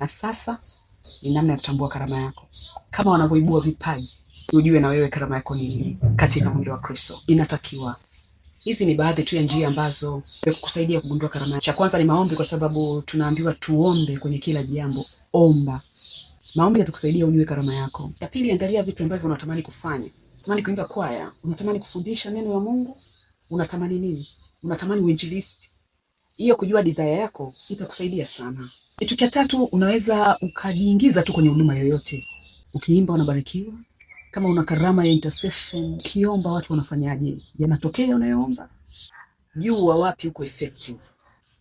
na sasa ni namna ya kutambua karama yako, kama wanavyoibua vipaji, ujue na wewe karama yako ni nini katika mwili wa Kristo. Inatakiwa hizi ni baadhi tu ya njia ambazo kusaidia kugundua karama. Cha kwanza ni maombi, kwa sababu tunaambiwa tuombe kwenye kila jambo. Omba, maombi yatakusaidia ujue karama yako. Ya pili, angalia vitu ambavyo unatamani kufanya. Unatamani kuimba kwaya, unatamani kufundisha neno la Mungu, unatamani nini? Unatamani uinjilisti. Hiyo kujua desire yako itakusaidia sana. Kitu cha tatu, unaweza ukajiingiza tu kwenye huduma yoyote. Ukiimba unabarikiwa. Kama una karama ya intercession, ukiomba watu wanafanyaje? Yanatokea unayoomba. Jua wapi uko effective.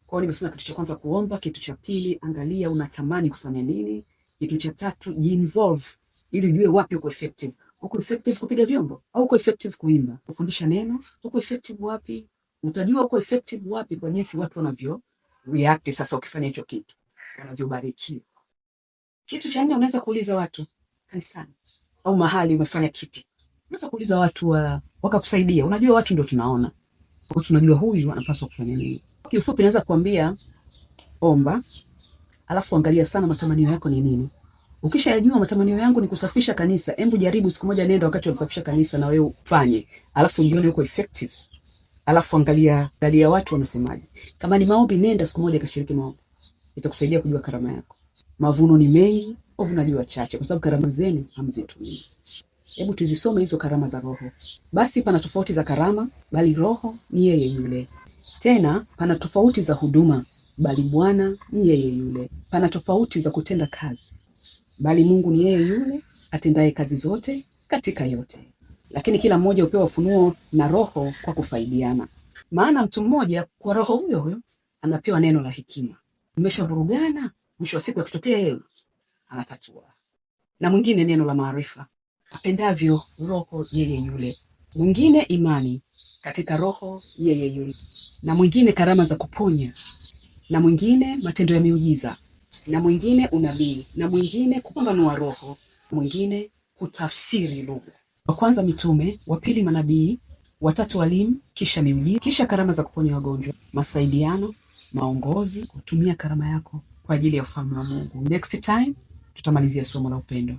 Kwa hiyo nimesema kitu cha kwanza kuomba, kitu cha pili angalia unatamani kufanya nini, kitu cha tatu jiinvolve ili ujue wapi uko effective. Uko effective kupiga vyombo au uko effective kuimba, kufundisha neno, uko effective wapi? Utajua uko effective wapi kwa jinsi watu wanavyo react sasa ukifanya hicho kitu unavyobarikiwa. Kitu cha nne unaweza kuuliza watu kanisani au mahali umefanya kitu, unaweza kuuliza watu wa, wakakusaidia. Unajua watu ndio tunaona, kwa tunajua huyu anapaswa kufanya nini. Kiufupi naweza kuambia omba, alafu angalia sana matamanio yako ni nini. Ukishayajua matamanio yangu ni kusafisha kanisa, hebu jaribu siku moja, nenda wakati wa kusafisha kanisa na wewe ufanye, alafu ujione uko effective. Alafu angalia angalia watu Kama ni maombi, nenda siku moja kashiriki maombi itakusaidia kujua karama yako. Mavuno ni mengi, wavunaji wachache, kwa sababu karama zenu hamzitumii. Hebu tuzisome hizo karama za Roho. Basi pana tofauti za karama, bali Roho ni yeye yule. Tena pana tofauti za huduma, bali Bwana ni yeye yule. Pana tofauti za kutenda kazi, bali Mungu ni yeye yule atendaye kazi zote katika yote. Lakini kila mmoja upewa ufunuo na Roho kwa kufaidiana. Maana mtu mmoja kwa Roho huyo huyo anapewa neno la hekima, mmeshavurugana, mwisho wa siku akitokea yeye anatatua. Na mwingine neno la maarifa, apendavyo roho yeye yule, mwingine imani katika roho yeye yule, na mwingine karama za kuponya, na mwingine matendo ya miujiza, na mwingine unabii, na mwingine kupambanua roho, mwingine kutafsiri lugha. Wa kwanza mitume, wa pili manabii watatu walimu, kisha miujiza, kisha karama za kuponya wagonjwa, masaidiano, maongozi, kutumia karama yako kwa ajili ya ufalme wa Mungu. Next time tutamalizia somo la upendo.